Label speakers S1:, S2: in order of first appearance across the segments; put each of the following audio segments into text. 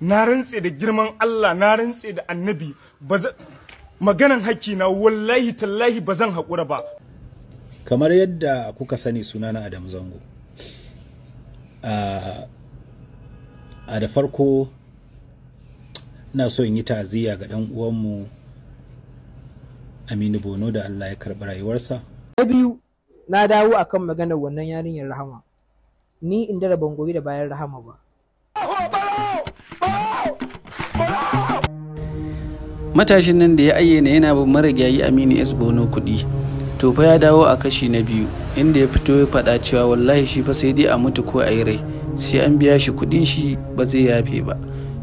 S1: na rantse da girman Allah na rantse da annabi maganan hakki na wallahi tallahi ba zan haƙura ba
S2: kamar yadda kuka sani sunana Adam Zango a da farko na son in yi ta'aziyya ga dan uwanmu Aminu Bono da Allah ya karɓi rayuwarsa
S3: na biyu na dawo akan maganar wannan yarinyar Rahama ni inda da gobe da bayan Rahama ba
S4: matashin nan da ya ayyana yana bin marigayi aminu s bono kuɗi to fa ya dawo a kashi na biyu inda ya fito ya faɗa cewa wallahi shi fa sai dai a mutu ko a yi rai sai an biya shi kuɗin shi ba zai yafe ba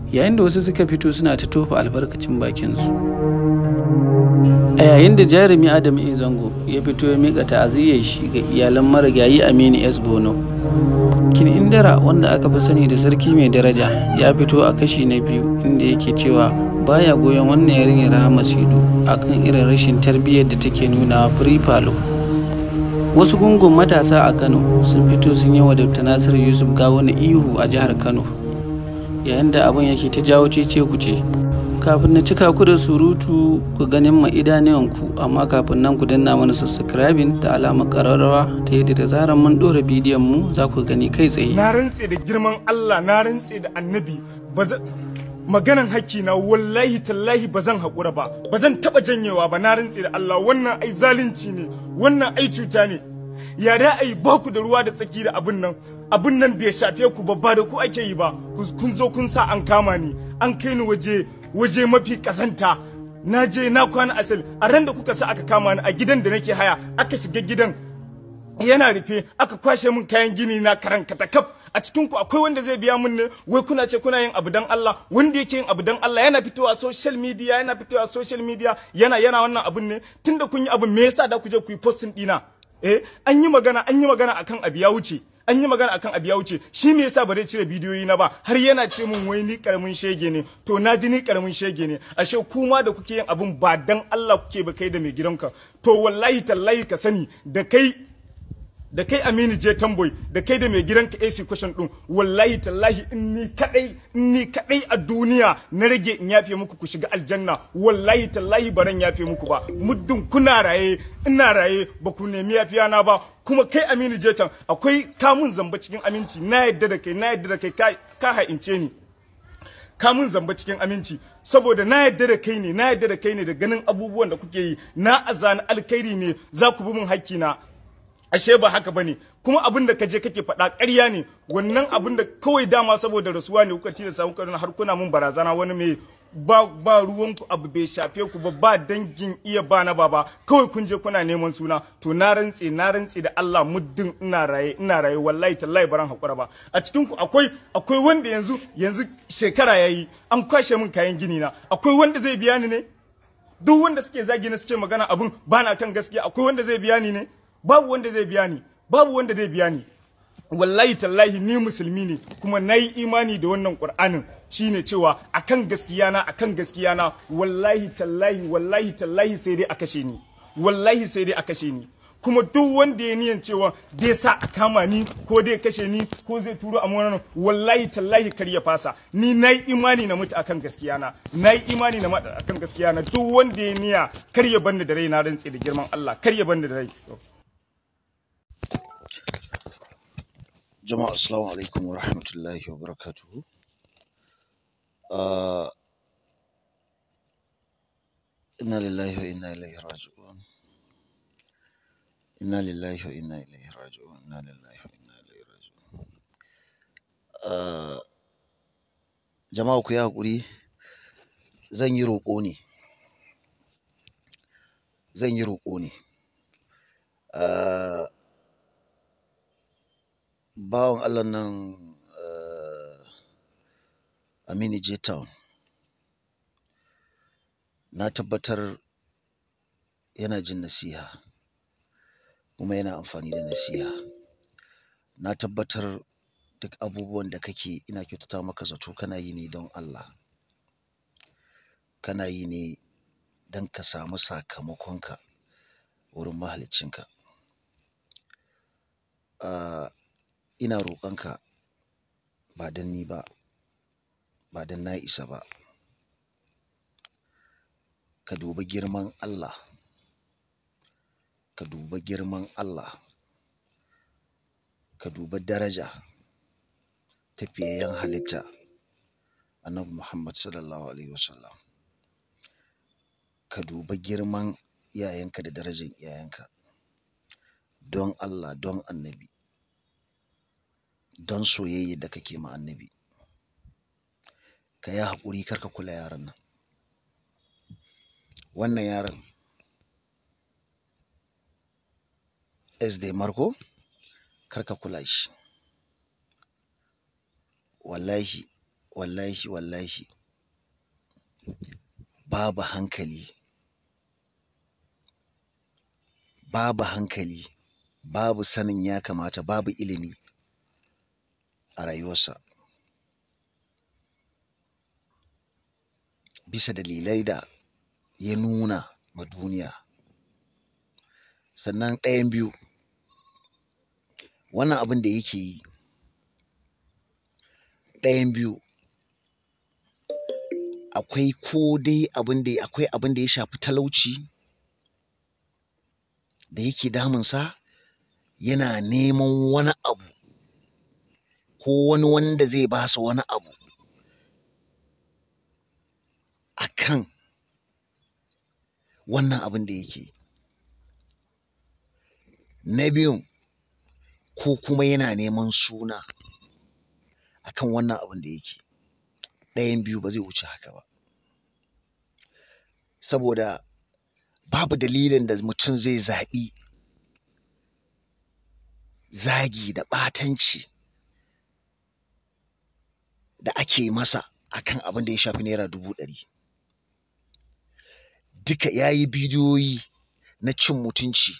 S4: yayin da wasu suka fito suna ta tofa albarkacin bakinsu a yayin da jarumi adamu e zango ya fito ya mika ta'aziyyar shi ga iyalan marigayi aminu s bono kin indara wanda aka fi sani da sarki mai daraja ya fito a kashi na biyu inda yake cewa baya goyon wannan yarinyar Rahama Sido akan irin rashin tarbiyyar da take nuna Free Wasu gungun matasa a Kano sun fito sun yi wadabta Nasiru Yusuf Gawo na ihu a jihar Kano. Yayin da abin yake ta jawo cece kuce. Kafin na cika ku da surutu ku ganin ma ku amma kafin nan ku danna mana subscribing da alamar kararrawa ta yadda da zarar mun dora bidiyon mu za ku gani kai tsaye. Na
S1: rantse da girman Allah na rantse da Annabi ba maganan hakki na wallahi tallahi ba zan haƙura ba bazan zan taɓa janyewa ba na rantse da Allah wannan ai zalunci ne wannan ai cuta ne ya da ai ba da ruwa da tsaki da abin nan abin nan bai shafe ku babba da ku ake yi ba kun zo kun sa an kama ni an kai ni waje waje mafi kasanta na je na kwana asali a ran da kuka sa aka kama ni a gidan da nake haya aka shiga gidan yana rufe aka kwashe min kayan gini na karankata kaf a cikin ku akwai wanda zai biya mun ne wai kuna ce kuna yin abu dan Allah wanda yake yin abu dan Allah yana fitowa social media yana fitowa social media yana yana wannan abun ne tunda kun yi abu me yasa da ku je ku yi posting dina eh an yi magana an yi magana akan abu ya wuce an yi magana akan abu ya wuce shi me yasa ba zai cire bidiyoyi na ba har yana ce min wai ni karamin shege ne to na ji ni karamin shege ne ashe kuma da kuke yin abun ba dan Allah kuke ba kai da mai gidanka to wallahi tallahi ka sani da kai da kai Aminu je tamboy da kai da mai gidanka AC question din wallahi tallahi in ni kadai in ni kadai a duniya na rage in yafe muku ku shiga aljanna wallahi tallahi baran yafe muku ba muddin kuna raye ina raye ba ku nemi yafiya na ba kuma kai Aminu je tan akwai kamun zamba cikin aminci na yadda da kai na yadda da kai ka ha'ince ni kamun zamba cikin aminci saboda na yadda da kai ne na yadda da kai ne da ganin abubuwan da kuke yi na azan alkhairi ne za ku bi min na. ashe ba haka bane kuma abin da kaje kake faɗa ƙarya ne wannan abin da kawai dama saboda rasuwa ne kuka tilasta samu nuna har kuna mun barazana wani mai ba ba ruwanku abu bai shafe ku ba ba dangin iya ba na baba kawai kun je kuna neman suna to na rantse na rantse da Allah muddin ina raye ina raye wallahi tallahi baran hakura ba a cikin ku akwai akwai wanda yanzu yanzu shekara yayi an kwashe min kayan gini na akwai wanda zai biya ni ne duk wanda suke zagi na suke magana abun ba na kan gaskiya akwai wanda zai biya ni ne babu wanda zai biya ni babu wanda zai biya ni wallahi tallahi ni musulmi ne kuma nayi imani da wannan qur'anin shine cewa akan gaskiya na akan gaskiya na wallahi tallahi wallahi tallahi sai dai a kashe ni wallahi sai dai a ni kuma duk wanda ya niyan cewa dai sa a kama ni ko dai kashe ni ko zai turo a wannan wallahi tallahi kar ya fasa ni nayi imani na mutu akan gaskiya na nayi imani na mutu akan gaskiya na duk wanda ya niya kar ya banda da rai na rantsi da girman Allah kar ya banda da rai
S5: jama'a assalamu alaikum wa rahmatullahi wa barakatuhu uh, inna lillahi wa inna ilaihi raji'un inna lillahi wa inna ilaihi raji'un inna lillahi wa inna ilaihi raji'un uh, jama'a ku yi hakuri zan yi roƙo ne zan yi roƙo ne uh, bawan Allah nan eh, Aminu J Town na tabbatar yana jin nasiha kuma yana amfani da nasiha na tabbatar duk abubuwan da kake ina kyautata maka zato kana yi ne don Allah kana yi ne don ka samu sakamakonka wurin mahaliccinka uh, ah, ina roƙonka ba don ni ba ba don na isa ba ka dubi girman Allah ka dubi girman Allah ka dubi daraja ta fiyayyen halitta annabi Muhammad sallallahu alaihi wasallam ka dubi girman iyayenka da darajar iyayenka don Allah don annabi don soyayya da kake ma annabi ka yi haƙuri kar ka kula yaran nan wannan yaron sd marko kar ka kula shi wallahi wallahi wallahi babu hankali babu hankali babu sanin ya kamata babu ilimi a rayuwarsa bisa dalilai da ya nuna ma duniya sannan ɗayan biyu wannan abin da yake yi ɗayan biyu akwai ko dai abin da akwai abin da ya shafi talauci da yake damunsa yana neman wani abu ko wani wanda zai ba su wani abu a kan wannan abin da yake na biyun ko kuma yana neman suna akan wannan abin da yake ɗayan biyu ba zai wuce haka ba saboda babu dalilin da mutum zai zaɓi zagi da ɓatanci da ake masa a kan abin da ya shafi naira dubu ɗari duka ya yi bidiyoyi na cin mutunci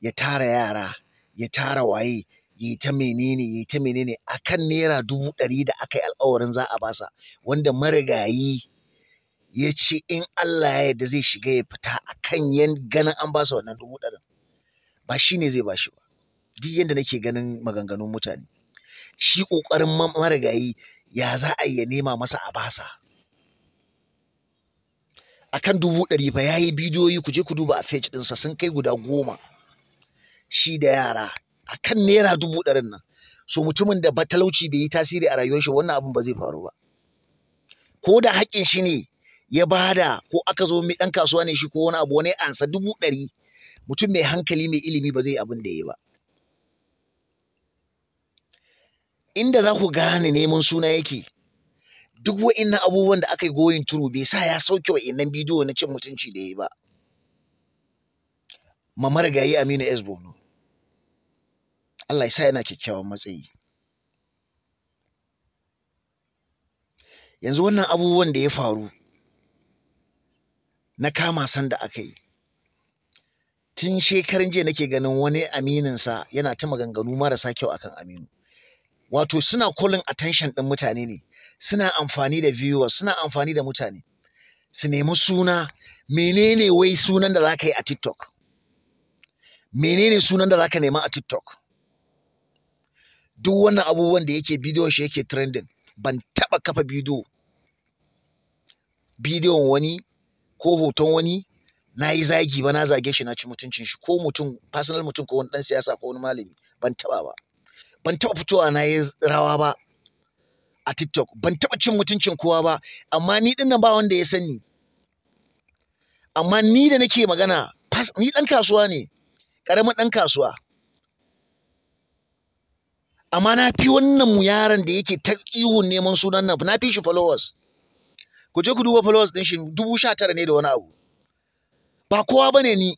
S5: ya tara yara ya tara waye ya yi ta menene ya yi ta menene A kan naira dubu ɗari da aka yi alkawarin za a basa wanda marigayi ya ce in Allah ya yarda zai shiga ya fita a kan yan ganin an basa wannan dubu ɗarin ba shi ne zai bashi ba duk yadda nake ganin maganganun mutane shi ƙoƙarin marigayi ya za a ya nema masa a basa A kan dubu ɗari fa ya yi bidiyoyi ku je ku duba a page ɗinsa sun kai guda goma shi da yara a kan naira dubu ɗarin nan so mutumin da talauci bai yi tasiri a rayuwar shi wannan abin ba zai faru ba ko da haƙƙin shi ne ya bada ko aka zo mai ɗan kasuwa ne shi ko wani abu wani ansa dubu ɗari mutum mai hankali mai ilimi ba zai abin da ya yi ba inda za ku gane neman suna yake duk wa'innan abubuwan da aka yi goyin turu bai sa ya sauke wa innan bidiyo na cin mutunci da ya yi ba mamar gayi aminu s bono allah ya sa yana kyakkyawan matsayi yanzu wannan abubuwan da ya faru na kama sanda da aka yi tun shekaran jiya nake ganin wani aminin sa yana ta maganganu marasa kyau akan aminu wato suna calling attention ɗin mutane ne suna amfani da viewers suna amfani da mutane su nemi suna menene wai sunan da za ka yi a TikTok menene sunan da za ka nema a TikTok duk wannan abubuwan da yake bidiyon shi yake trending ban taba kafa bidiyo bidiyon wani ko hoton wani na yi zagi ba na zage shi na ci mutuncin shi ko mutum personal mutum ko wani dan siyasa ko wani malami ban taba ba ban taɓa fitowa na yi rawa ba a TikTok ban taɓa cin mutuncin kowa ba amma ni ɗin nan ba wanda ya sani amma ni da nake magana ni ɗan kasuwa ne ƙaramin ɗan kasuwa amma na fi wannan mu yaron da yake ta ihun neman sunan nan na fi shi followers ku je ku duba followers ɗin shi dubu sha tara ne da wani abu ba kowa ba ne ni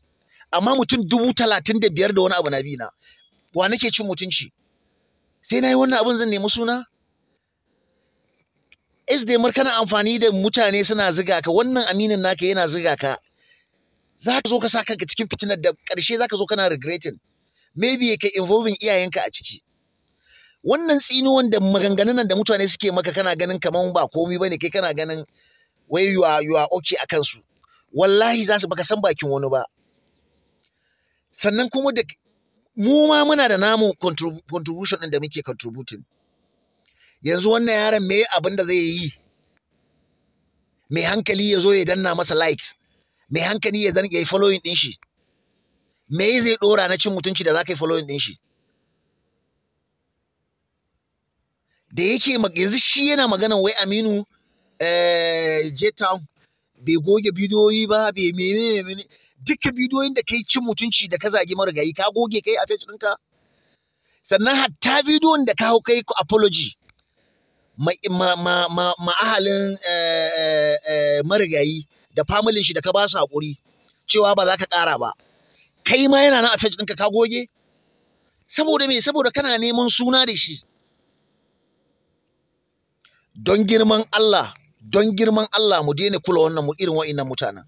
S5: amma mutum dubu talatin da biyar da wani abu na bi na wa nake cin mutunci sai na yi wannan abin zan nemi suna is dai kana amfani da mutane suna ziga ka wannan aminin naka yana ziga ka za ka zo ka sa kanka cikin fitinar da ƙarshe za ka zo kana regretting maybe ka involving iyayenka a ciki wannan tsinuwan da maganganun nan da mutane suke maka kana ganin kaman ba komai ne, kai kana ganin wai yuwa yuwa okay wallahi za su baka san bakin wani ba sannan kuma da mu ma muna da namu contribution ɗin da muke contributing yanzu wannan yaron me abin da zai yi me hankali ya zo ya danna masa likes me hankali ya zan yi following ɗin shi me zai ɗora na cin mutunci da za ka yi following ɗin shi da yake yanzu shi yana maganan wai aminu eh, j town bai goge bidiyoyi ba bai menene ne. duka bidiyoyin da kai cin mutunci da ka zagi marigayi ka goge kai a page sannan hatta bidiyon da ka hau kai apology ma ma ma ma ahalin eh, eh, eh, marigayi da familin shi da ka ba su haƙuri cewa ba za ka ƙara ba kai ma yana nan a page ka goge saboda me saboda kana neman suna da shi don girman Allah don girman Allah mu daina kula wannan irin wa'innan mutanen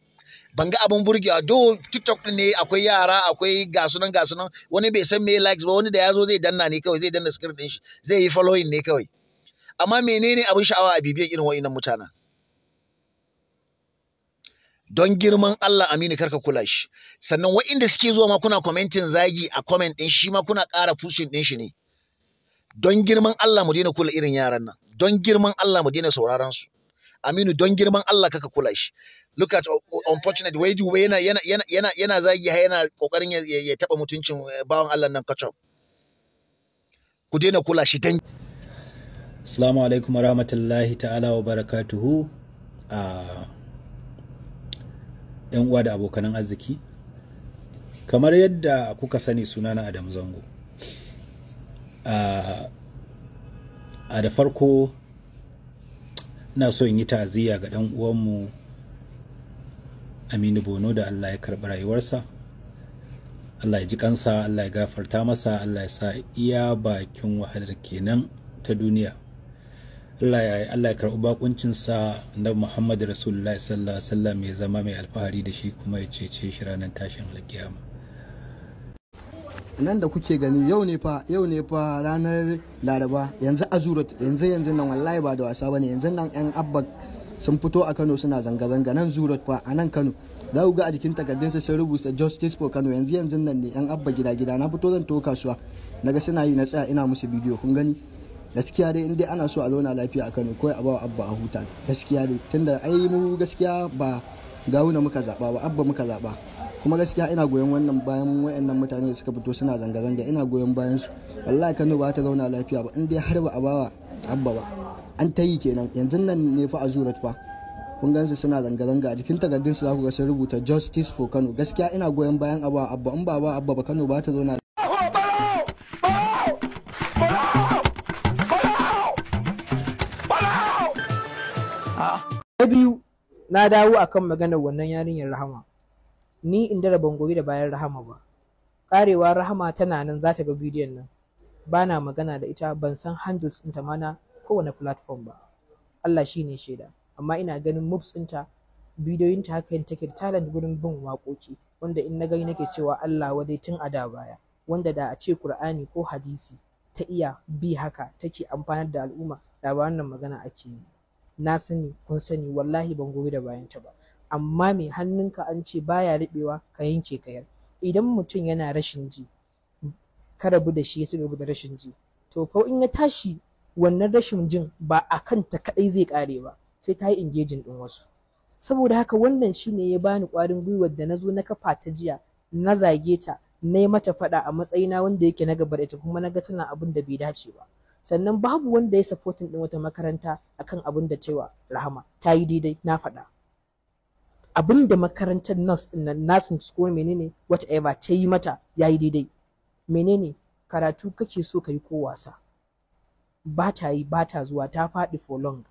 S5: ban ga abin burgewa do tiktok din ne akwai yara akwai gasu nan gasu nan wani bai san me likes ba wani da ya zo zai danna ne kawai zai danna screen din shi zai yi following ne kawai amma menene abin sha'awa a bibiyar irin wa'innan mutanen don girman Allah Aminu karka kula shi sannan wa'inda suke zuwa ma kuna commenting zagi a comment din shi ma kuna ƙara pushing din shi ne don girman Allah mu daina kula irin yaran nan don girman Allah mu daina sauraron su Aminu don girman Allah kaka kula shi look at uh, uh, unfortunate way yana yana yana yana zagi yana kokarin ya taba mutuncin eh, bawan Allah nan kacau
S2: ku daina kula shi dan Assalamu alaikum warahmatullahi ta'ala wa barakatuhu a ah, yan uwa da abokan arziki kamar yadda kuka sani sunana Adam Zango ah, a da farko ina so in yi ta'aziyya ga dan uwanmu Aminu Bono da Allah ya karɓi rayuwarsa Allah ya ji kansa Allah ya gafarta masa Allah ya sa iya bakin wahalar kenan ta duniya Allah ya Allah ya karɓi bakuncinsa annabi Muhammad Rasulullahi sallallahu alaihi wasallam ya zama mai alfahari da shi kuma ya cece shi ranar tashin alkiyama
S5: nan da kuke gani yau ne fa yau ne fa ranar laraba yanzu azura yanzu yanzu nan wallahi ba da wasa bane yanzu nan yan abba sun fito a kano suna zanga-zanga nan zurat fa a nan kano za ku ga a jikin sa sun rubuta justice for kano yanzu yanzu nan ne yan abba gida-gida na fito zan to kasuwa naga suna yi na tsaya ina musu bidiyo kun gani gaskiya dai in ana so a zauna lafiya a kano kawai a bawa abba a huta gaskiya dai tunda ai mu gaskiya ba gawuna muka zaba ba abba muka zaba kuma gaskiya ina goyon wannan bayan wayannan mutane da suka fito suna zanga-zanga ina goyon bayan su wallahi Kano ba ta zauna lafiya ba in dai har ba a bawa abba ba an ta yi kenan yanzu nan ne fa a zurat fa kun gansu suna zanga-zanga a jikin takardun su za ku ga sun rubuta justice for Kano gaskiya ina
S2: goyon bayan abawa abba in ba ba abba ba Kano ba ta zauna na
S3: na dawo akan maganar wannan yarinyar rahama ni in dara ban gobe da bayan rahama ba karewa rahama tana nan za ta ga bidiyon nan ba na magana da ita ban san handles ɗinta mana kowane platform ba Allah shi ne shaida amma ina ganin moves ɗinta bidiyoyinta haka ta take talent gurin bin waƙoƙi wanda in na gani nake cewa Allah wadai tun a da baya wanda da a ce Kur'ani ko hadisi ta iya bi haka take amfanar da al'umma da ba wannan magana ake yi na sani kun sani wallahi ban gobe da ta ba amma mai hannunka an ce baya riɓewa ka yanke ka yar idan mutum yana rashin ji ka rabu da shi ya ci gaba da rashin ji to ko in ya tashi wannan rashin jin ba a kanta kaɗai zai ƙare ba sai ta yi ingejin ɗin wasu saboda haka wannan shi ne ya bani ƙwarin gwiwar da na zo na kafa ta jiya na zage ta na yi mata faɗa a matsayina wanda yake na gaba ita kuma na ga tana abin da bai dace ba sannan babu wanda ya supporting ɗin wata makaranta akan abin da cewa rahama ta yi daidai na faɗa abin da makarantar nas din nasin ko menene whatever ta yi mata ya yi daidai menene karatu kake so ka yi ko wasa ba ta yi ba ta zuwa ta faɗi for long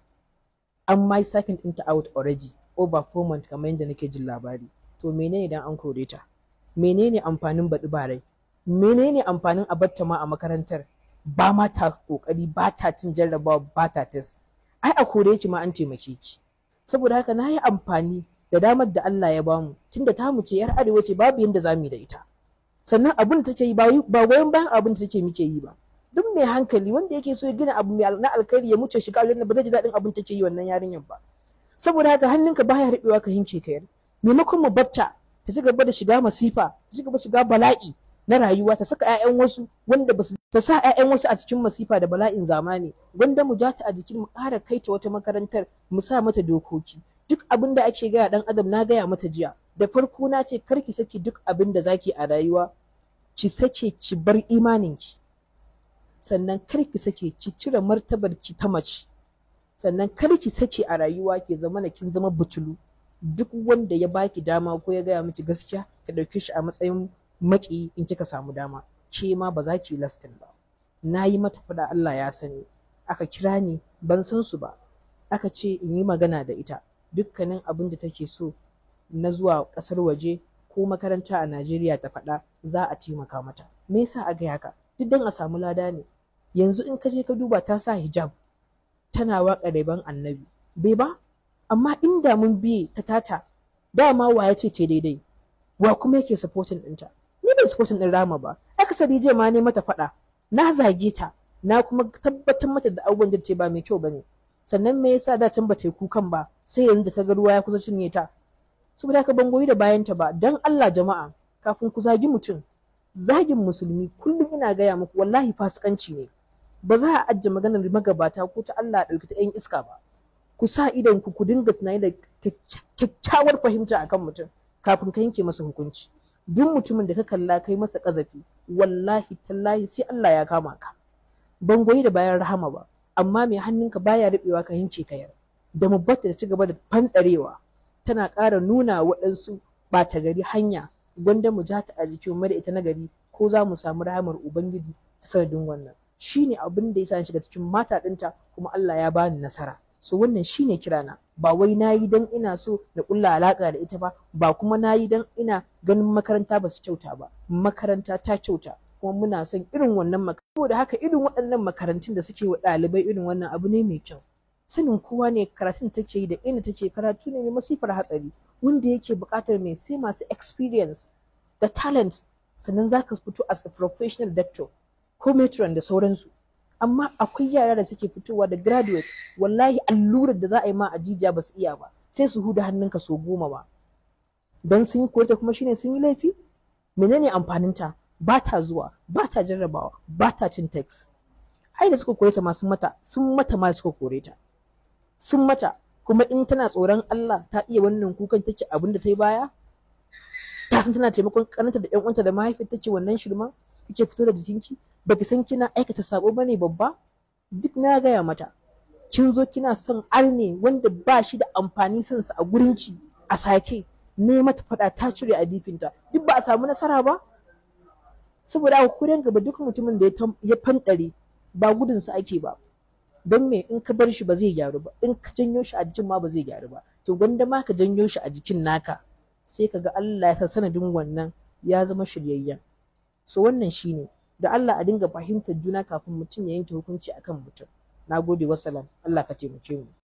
S3: an my second into out already over four months kamar yadda nake jin labari to menene dan an kore ta menene amfanin baɗi barai menene amfanin a batta ma a makarantar ba ma ta kokari ba ta cin jarrabawa ba ta test ai a kore ki ma an taimake ki saboda haka na yi amfani da damar da Allah ya bamu tunda ta mu ce yar arewa ce babu yanda za mu yi da ita sannan abin da take yi ba goyon bayan abin da take muke yi ba duk mai hankali wanda yake so ya gina abu mai na alkhairi ya muce shiga da ba zai ji daɗin abin da take yi wannan yarinyar ba saboda haka hannunka baya rubewa ka hince ka yar maimakon mu batta ta ci gaba da shiga masifa ta ci gaba shiga bala'i na rayuwa ta saka 'ya'yan wasu wanda basu ta sa 'ya'yan wasu a cikin masifa da bala'in zamani gwanda mu ja ta a jikin mu ƙara kai ta wata makarantar mu sa mata dokoki duk abin da ake gaya dan adam na gaya mata jiya da farko na ce kar ki saki duk abin da zaki a rayuwa ki sake ki bar imaninki sannan kar ki sake ki cire martabar ki ta mace sannan kar ki sake a rayuwa ke zama na kin zama butulu duk wanda ya baki dama ko ya gaya miki gaskiya ka ɗauke shi a matsayin maki in kika samu dama ke ma ba za ki lastin ba na yi mata faɗa Allah ya sani aka kira ni ban san su ba aka ce in yi magana da ita dukkanin abin da take so na zuwa ƙasar waje ko makaranta a Najeriya ta faɗa za a taimaka mata. Me yasa a ga haka? Duk dan a samu lada ne. Yanzu in ka je ka duba ta sa hijab tana waƙa ban annabi. Bai ba? Amma inda mun biye ta tata dama wa ya ce ce daidai. Wa kuma yake supporting ɗinta? Ni bai supporting ɗin Rama ba. Akasari je ma ne mata faɗa. Na zage ta. Na kuma tabbatar mata da abubuwan da ce ba mai kyau ba ne. sannan me yasa da can ba ta kukan ba sai yanzu da ta ga ruwa ya kusa cinye ta saboda haka ban goyi da bayanta ba dan Allah jama'a kafin ku zagi mutum zagin musulmi kullum ina gaya muku wallahi fasikanci ne ba za a ajiye maganar magabata ko ta Allah a ɗauki ta 'yan iska ba ku sa idan ku ku dinga tunani da kyakkyawar fahimta akan mutum kafin ka yanke masa hukunci duk mutumin da ka kalla kai masa ƙazafi wallahi tallahi sai Allah ya kama ka ban goyi da bayan rahama ba amma mai hannunka baya rubewa ka hince ka yar da mubbata da ci gaba da fanɗarewa tana ƙara nuna waɗansu ɓata gari hanya gwanda mu ja ta a jikin mara ita na gari ko za mu samu rahamar ubangiji ta sanadin wannan shine abin da ya sa shiga cikin mata ɗinta kuma Allah ya bani nasara so wannan shine kirana ba wai na yi dan ina so na kulla alaƙa da ita ba ba kuma na yi dan ina ganin makaranta ba su kyauta ba makaranta ta kyauta kuma muna son irin wannan makarantun saboda haka irin waɗannan makarantun da suke wa ɗalibai irin wannan abu ne mai kyau sanin kowa ne karatun da take yi da inda take karatu ne mai masifar hatsari wanda yake buƙatar mai sai masu experience da talent sannan za ka fito as a professional doctor ko matron da sauransu amma akwai yara da suke fitowa da graduate wallahi allurar da za a yi ma a jijiya ba su iya ba sai su huda hannunka so goma ba don sun yi ta kuma shine sun yi laifi menene amfaninta ba ta zuwa ba ta jarrabawa ba ta cin tax ai da suka kore ta ma mata sun mata ma suka kore ta sun mata kuma in tana tsoron Allah ta iya wannan kukan take abin da ta yi baya ta san tana taimakon kananta da ƴan uwanta da mahaifin take wannan shirma kike fito da jikinki baki san kina aikata sabo bane babba duk na gaya mata kin zo kina son arne wanda ba shi da amfani sansa a gurin gurinki a sake ne mata fada ta cire a difinta duk ba a samu nasara ba saboda haka kuren gaba duk mutumin da ya fanɗare ba gudunsa ake ba don me in ka bar shi ba zai gyaru ba in ka janyo shi a jikin ma ba zai gyaru ba to gwanda ma ka janyo shi a jikin naka sai ka ga Allah ya sa sanadin wannan ya zama shiryayyen so wannan shine da Allah a dinga fahimtar juna kafin mutum ya yanke hukunci akan mutum Na gode, wasalam Allah ka taimake mu